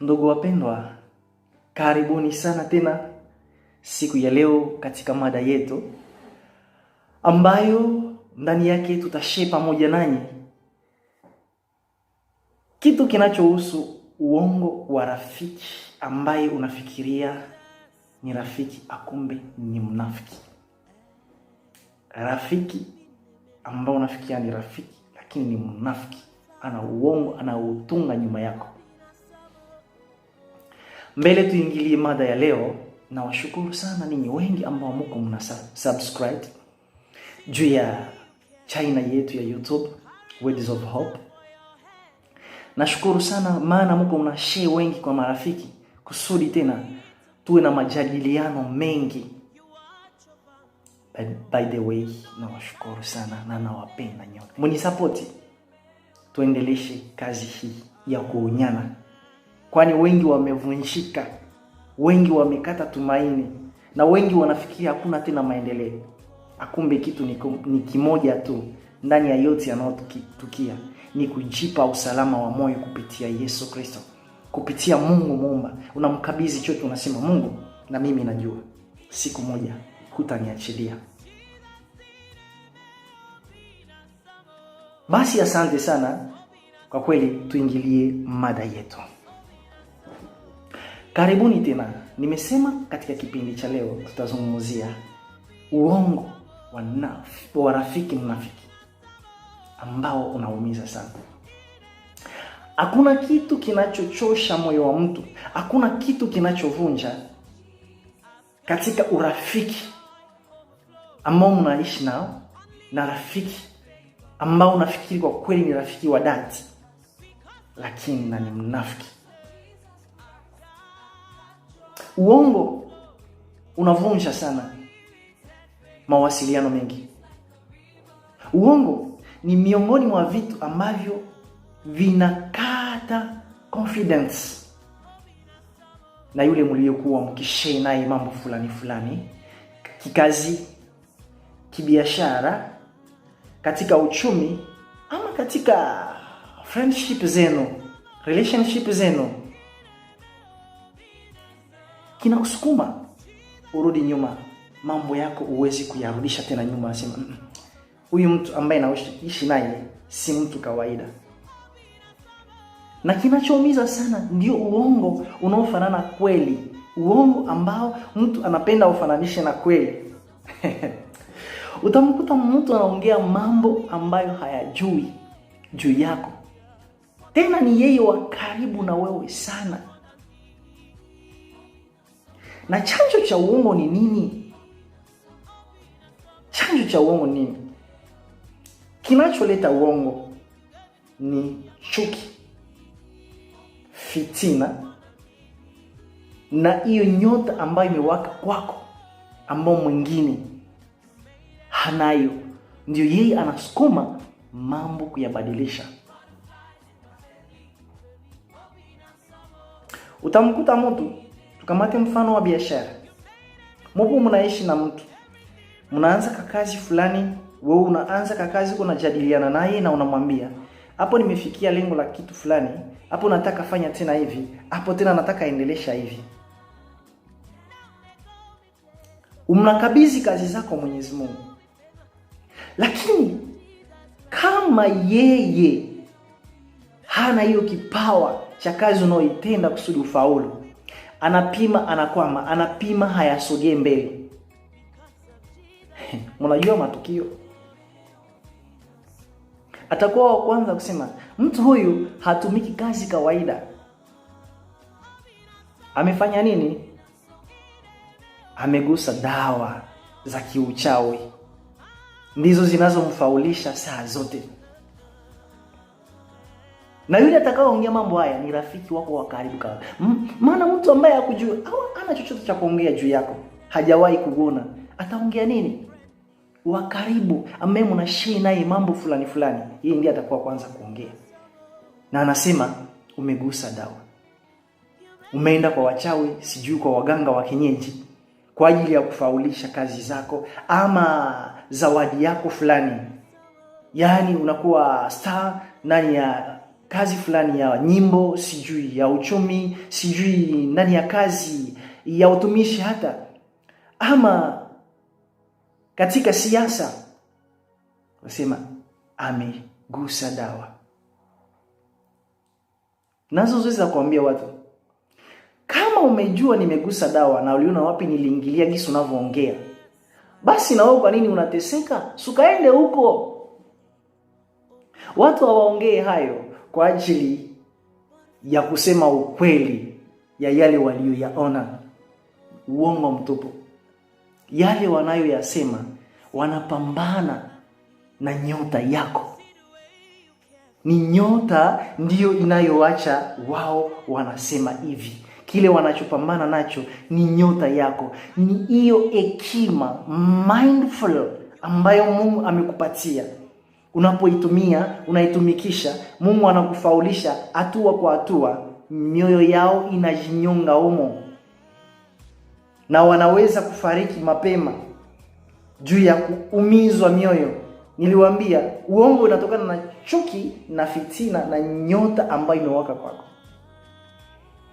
Ndugu wapendwa, karibuni sana tena siku ya leo katika mada yetu ambayo ndani yake tutashe pamoja nanyi kitu kinachohusu uongo wa rafiki ambaye unafikiria ni rafiki akumbe ni mnafiki. Rafiki ambao unafikiria ni rafiki lakini ni mnafiki, ana uongo anautunga nyuma yako. Mbele tuingilie mada ya leo, na washukuru sana ninyi wengi ambao mko mna subscribe juu ya china yetu ya YouTube Words of Hope. Nashukuru sana maana mko mna share wengi kwa marafiki, kusudi tena tuwe na majadiliano mengi. By, by the way, nawashukuru sana na nawapenda nyote, muni support tuendeleshe kazi hii ya kuonyana kwani wengi wamevunjika, wengi wamekata tumaini na wengi wanafikiria hakuna tena maendeleo. Akumbe kitu ni, ni kimoja tu ndani ya yote yanayotukia ni kujipa usalama wa moyo kupitia Yesu Kristo, kupitia Mungu Muumba. Unamkabidhi chote, unasema Mungu, na mimi najua siku moja hutaniachilia. Basi asante sana kwa kweli, tuingilie mada yetu. Karibuni tena. Nimesema katika kipindi cha leo tutazungumzia uongo wa naf, wa rafiki mnafiki ambao unaumiza sana. Hakuna kitu kinachochosha moyo wa mtu, hakuna kitu kinachovunja katika urafiki ambao unaishi nao na rafiki ambao unafikiri kwa kweli ni rafiki wa dati lakini na ni mnafiki. Uongo unavunja sana mawasiliano mengi. Uongo ni miongoni mwa vitu ambavyo vinakata confidence na yule mliokuwa mkishare naye mambo fulani fulani, kikazi, kibiashara, katika uchumi ama katika friendship zenu, relationship zenu kinakusukuma urudi nyuma. Mambo yako huwezi kuyarudisha tena nyuma, sema huyu mtu ambaye naishi naye si mtu kawaida. Na kinachoumiza sana ndio uongo unaofanana kweli, uongo ambao mtu anapenda ufananishe na kweli. Utamkuta mtu anaongea mambo ambayo hayajui juu yako, tena ni yeye wa karibu na wewe sana na chanjo cha uongo ni nini? chanjo cha uongo ni nini? Kinacholeta uongo ni chuki, fitina na hiyo nyota ambayo imewaka kwako, ambao mwingine hanayo, ndio yeye anasukuma mambo kuyabadilisha. Utamkuta mtu kamate mfano wa biashara. Mopo mnaishi na mtu. Mnaanza kakazi fulani, wewe unaanza kakazi unajadiliana naye na unamwambia, "Hapo nimefikia lengo la kitu fulani, hapo nataka fanya tena hivi, hapo tena nataka endelesha hivi." Umnakabidhi kazi zako Mwenyezi Mungu. Lakini kama yeye hana hiyo kipawa cha kazi unaoitenda kusudi ufaulu, anapima anakwama, anapima hayasogee mbele. Mnajua matukio, atakuwa wa kwanza kusema mtu huyu hatumiki kazi kawaida. Amefanya nini? Amegusa dawa za kiuchawi, ndizo zinazomfaulisha saa zote na yule atakayeongea mambo haya ni rafiki wako wa karibu kabisa, maana mtu ambaye hakujua au ana chochote cha kuongea juu yako, hajawahi kuona, ataongea nini? Wa karibu ambaye mnashare naye mambo fulani fulani, yeye ndiye atakuwa kwanza kuongea. Na anasema umegusa dawa, umeenda kwa wachawi, sijui kwa waganga wa kienyeji kwa ajili ya kufaulisha kazi zako ama zawadi yako fulani, yaani unakuwa star ndani ya kazi fulani ya nyimbo, sijui ya uchumi, sijui ndani ya kazi ya utumishi, hata ama katika siasa, nasema amegusa dawa. Nazo zoezi kuambia watu kama umejua nimegusa dawa na uliona wapi niliingilia gisi unavyoongea, basi na wewe kwa nini unateseka? Sukaende huko, watu hawaongee hayo kwa ajili ya kusema ukweli ya yale waliyoyaona uongo mtupu. Yale wanayoyasema wanapambana na nyota yako, ni nyota ndiyo inayoacha wao wanasema hivi. Kile wanachopambana nacho ni nyota yako, ni hiyo hekima mindful ambayo Mungu amekupatia. Unapoitumia unaitumikisha, Mungu anakufaulisha hatua kwa hatua. Mioyo yao inajinyonga humo, na wanaweza kufariki mapema juu ya kuumizwa mioyo. Niliwaambia uongo unatokana na chuki na fitina na nyota ambayo imewaka kwako.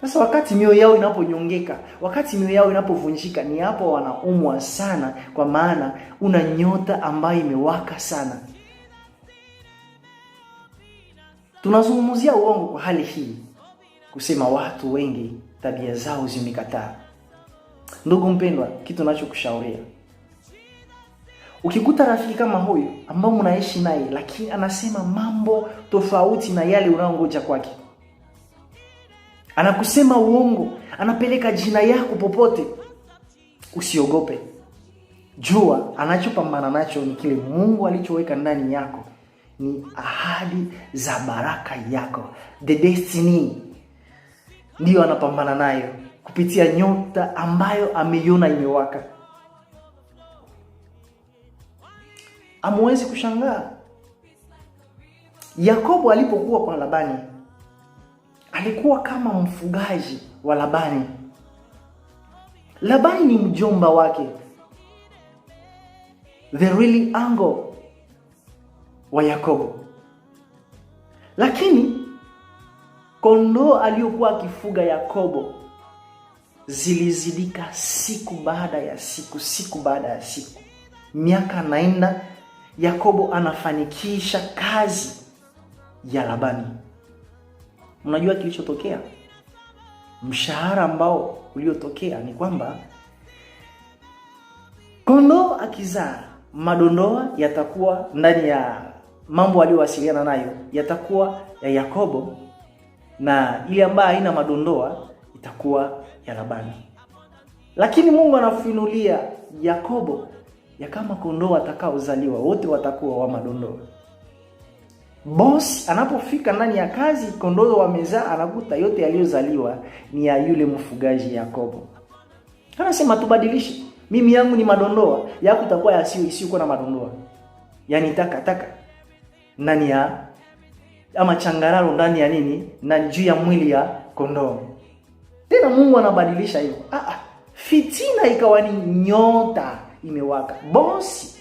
Sasa wakati mioyo yao inaponyongeka, wakati mioyo yao inapovunjika, ni hapo wanaumwa sana, kwa maana una nyota ambayo imewaka sana. Tunazungumzia uongo kwa hali hii, kusema watu wengi tabia zao zimekataa. Ndugu mpendwa, kitu nachokushauria ukikuta rafiki kama huyu ambao mnaishi naye, lakini anasema mambo tofauti na yale unaongoja kwake, anakusema uongo, anapeleka jina yako popote, usiogope. Jua anachopambana nacho ni kile Mungu alichoweka ndani yako ni ahadi za baraka yako, the destiny ndiyo anapambana nayo kupitia nyota ambayo ameiona imewaka. amewezi kushangaa Yakobo alipokuwa kwa Labani, alikuwa kama mfugaji wa Labani. Labani ni mjomba wake, the really angle wa Yakobo. Lakini kondoo aliyokuwa akifuga Yakobo zilizidika siku baada ya siku, siku baada ya siku. Miaka anaenda, Yakobo anafanikisha kazi ya Labani. Unajua kilichotokea? Mshahara ambao uliotokea ni kwamba kondoo akizaa madondoa yatakuwa ndani ya mambo aliyowasiliana nayo yatakuwa ya Yakobo na ile ambayo haina madondoa itakuwa ya Labani. Lakini Mungu anafunulia Yakobo ya kama kondoo watakaozaliwa wote watakuwa wa madondoa. bos anapofika ndani ya kazi, kondoo wamezaa, anakuta yote yaliyozaliwa ni ya yule mfugaji Yakobo. Anasema tubadilishe, mimi yangu ni madondoa, yako itakuwa yasiyo isiyokuwa na madondoa, yaani takataka ndani ya ama changararo ndani ya nini na juu ya mwili ya kondoo. Tena Mungu anabadilisha hivyo. Ah, ah, fitina ikawa ni nyota imewaka. Bosi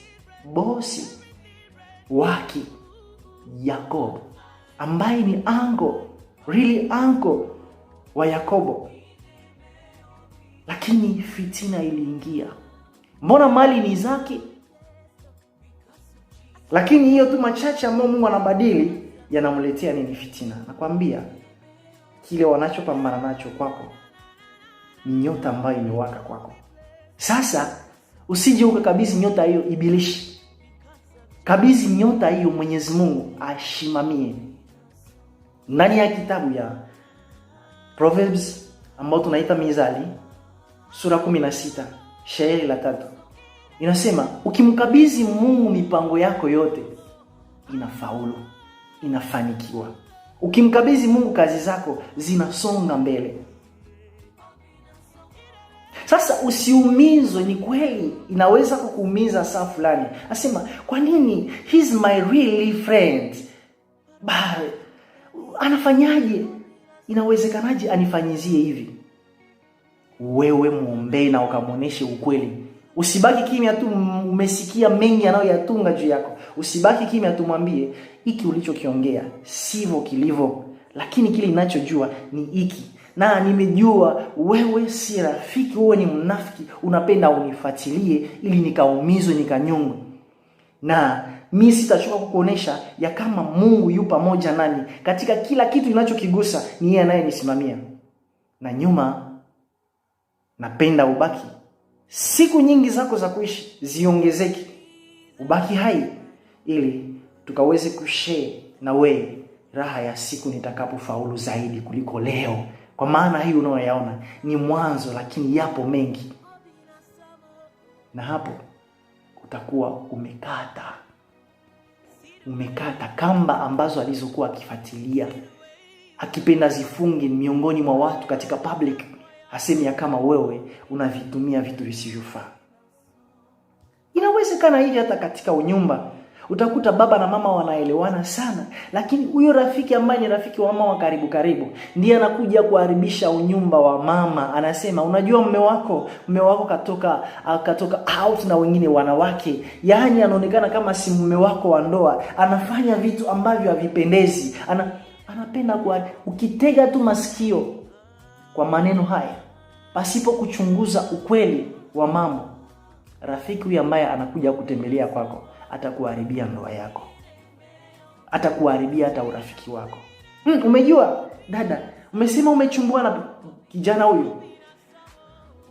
bosi waki Yakobo ambaye ni anko really anko wa Yakobo, lakini fitina iliingia. Mbona mali ni zake? Lakini hiyo tu machache ambayo Mungu anabadili yanamletea nini fitina? Nakwambia kile wanachopambana nacho kwako ni nyota ambayo imewaka kwako. Sasa usije kabisi nyota hiyo ibilishi, kabisi nyota hiyo Mwenyezi Mungu ashimamie ndani ya kitabu ya Proverbs ambayo tunaita Mizali sura 16 shairi la tatu inasema ukimkabidhi Mungu mipango yako yote inafaulu, inafanikiwa. Ukimkabidhi Mungu kazi zako zinasonga mbele. Sasa usiumizwe. Ni kweli inaweza kukuumiza saa fulani, asema kwa nini, he's my really friend, bali anafanyaje? Inawezekanaje anifanyizie hivi? Wewe mwombee na ukamwonyeshe ukweli Usibaki kimya tu, umesikia mengi yanayoyatunga juu yako. Usibaki kimya tu, mwambie hiki ulichokiongea sivyo kilivyo, lakini kile ninachojua ni hiki na nimejua wewe si rafiki, wewe ni mnafiki, unapenda unifuatilie ili nikaumizwe nikanyongwe, na mi sitachoka kukuonesha ya kama Mungu yu pamoja nani katika kila kitu ninachokigusa, ni yeye anayenisimamia, na nyuma napenda ubaki siku nyingi zako za kuishi ziongezeke, ubaki hai, ili tukaweze kushee na wewe raha ya siku nitakapofaulu zaidi kuliko leo, kwa maana hii unayoyaona ni mwanzo, lakini yapo mengi, na hapo utakuwa umekata umekata kamba ambazo alizokuwa akifuatilia akipenda zifungi miongoni mwa watu katika public Hasemi ya kama wewe unavitumia vitu visivyofaa. Inawezekana hivi hata katika unyumba utakuta baba na mama wanaelewana sana, lakini huyo rafiki ambaye ni rafiki wa mama wa karibu karibu ndiye anakuja kuharibisha unyumba wa mama. Anasema, unajua mme wako mme wako katoka ah, katoka out na wengine wanawake, yaani anaonekana kama si mme wako wa ndoa, anafanya vitu ambavyo havipendezi, ana anapenda kwa ukitega tu masikio kwa maneno haya pasipo kuchunguza ukweli wa mambo, rafiki huyu ambaye anakuja kutembelea kwako atakuharibia ndoa yako, atakuharibia hata urafiki wako. Hmm, umejua dada, umesema umechumbua na kijana huyu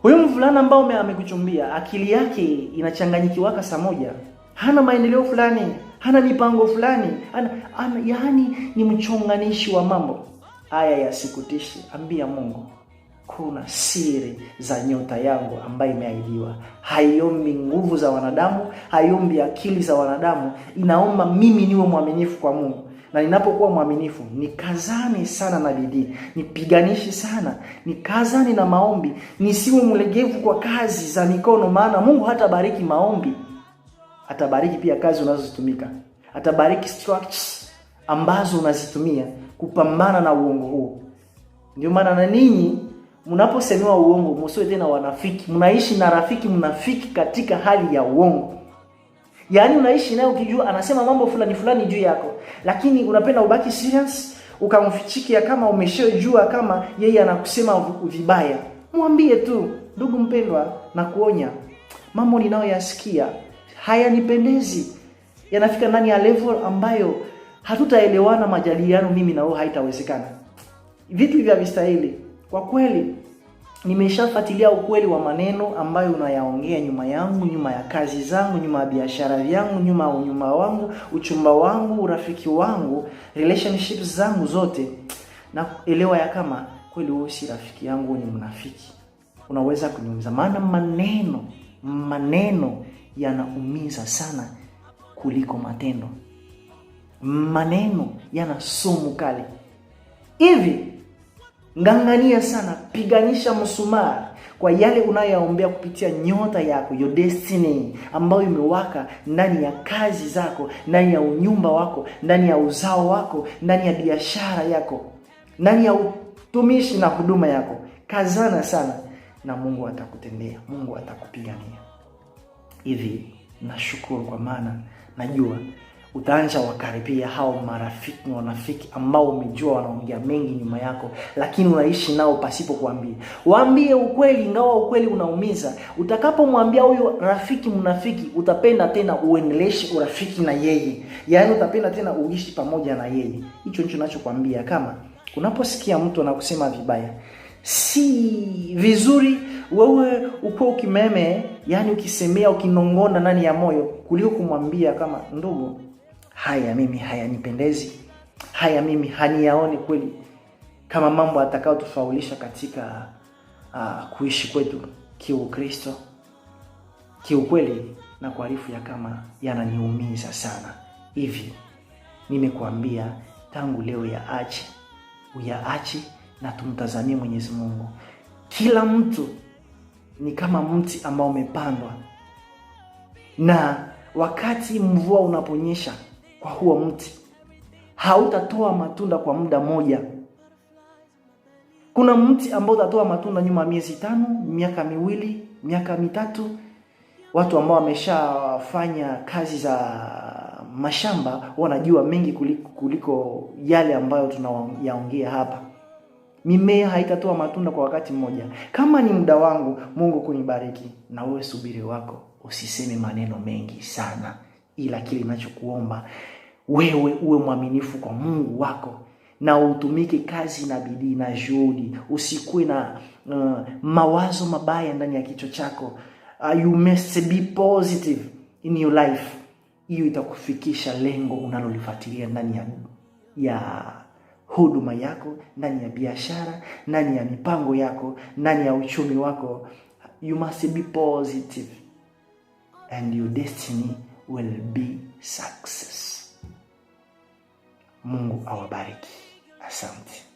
huyu mvulana ambao amekuchumbia, akili yake inachanganyikiwaka saa moja, hana maendeleo fulani, hana mipango fulani, hana, hana, yaani ni mchonganishi wa mambo haya. yasikutishi ambia Mungu kuna siri za nyota yangu ambayo imeahidiwa. Haiombi nguvu za wanadamu, haiombi akili za wanadamu, inaomba mimi niwe mwaminifu kwa Mungu na ninapokuwa mwaminifu nikazani sana na bidii, nipiganishi sana, nikazane na maombi, nisiwe mlegevu kwa kazi za mikono, maana Mungu hatabariki maombi, atabariki pia kazi unazozitumika, atabariki structures ambazo unazitumia kupambana na uongo huo. Ndio maana na ninyi mnaposemewa uongo musiwe tena wanafiki. Mnaishi na rafiki mnafiki katika hali ya uongo, yaani unaishi naye ukijua anasema mambo fulani fulani juu yako, lakini unapenda ubaki serious, ukamfichikia kama umeshajua kama yeye anakusema vibaya. Mwambie tu, ndugu mpendwa, na kuonya mambo ninayoyasikia hayanipendezi, yanafika ndani ya level ambayo hatutaelewana, majadiliano mimi na wewe haitawezekana. Vitu hivyo havistahili kwa kweli nimeshafuatilia ukweli wa maneno ambayo unayaongea nyuma yangu, nyuma ya kazi zangu, nyuma ya biashara yangu, nyuma ya unyuma wangu, uchumba wangu, urafiki wangu, relationships zangu zote, na elewa ya kama kweli wewe si rafiki yangu, ni mnafiki. Unaweza kuniumiza, maana maneno maneno yanaumiza sana kuliko matendo. Maneno yana sumu kali hivi Ng'ang'ania sana, piganisha msumari kwa yale unayoyaombea kupitia nyota yako, your destiny ambayo imewaka ndani ya kazi zako, ndani ya unyumba wako, ndani ya uzao wako, ndani ya biashara yako, ndani ya utumishi na huduma yako. Kazana sana na Mungu atakutendea, Mungu atakupigania. Hivi nashukuru kwa maana najua utaanza wakaribia hao marafiki na wanafiki ambao umejua wanaongea mengi nyuma yako, lakini unaishi nao pasipo kuambia. Waambie ukweli, ingawa ukweli unaumiza. Utakapomwambia huyo rafiki mnafiki, utapenda tena uendeleshe urafiki na yeye, yaani utapenda tena uishi pamoja na yeye. Hicho ndicho ninachokwambia. Kama unaposikia mtu anakusema vibaya, si vizuri wewe uko ukimeme, yani ukisemea, ukinong'ona ndani ya moyo, kuliko kumwambia kama ndugu haya mimi hayanipendezi, haya mimi haniyaoni kweli kama mambo atakayotufaulisha katika uh, kuishi kwetu kiukristo kiukweli, na kuarifu ya kama yananiumiza sana. Hivi nimekuambia tangu leo, yaache uyaache, na tumtazamie Mwenyezi Mungu. Kila mtu ni kama mti ambao umepandwa, na wakati mvua unaponyesha kwa huo mti, hautatoa matunda kwa muda moja. Kuna mti ambao utatoa matunda nyuma ya miezi tano, miaka miwili, miaka mitatu. Watu ambao wameshafanya kazi za mashamba wanajua mengi kuliko, kuliko yale ambayo tunayaongea hapa. Mimea haitatoa matunda kwa wakati mmoja. Kama ni muda wangu, Mungu kunibariki, na wewe subiri wako, usiseme maneno mengi sana, ila kile ninachokuomba wewe uwe mwaminifu kwa Mungu wako na utumike kazi na bidii na juhudi, usikuwe na uh, mawazo mabaya ndani ya kichwa chako. Uh, you must be positive in your life. Hiyo itakufikisha lengo unalolifuatilia ndani ya, ya huduma yako, ndani ya biashara, ndani ya mipango yako, ndani ya uchumi wako. You must be positive and your destiny will be success. Mungu awabariki. Asante.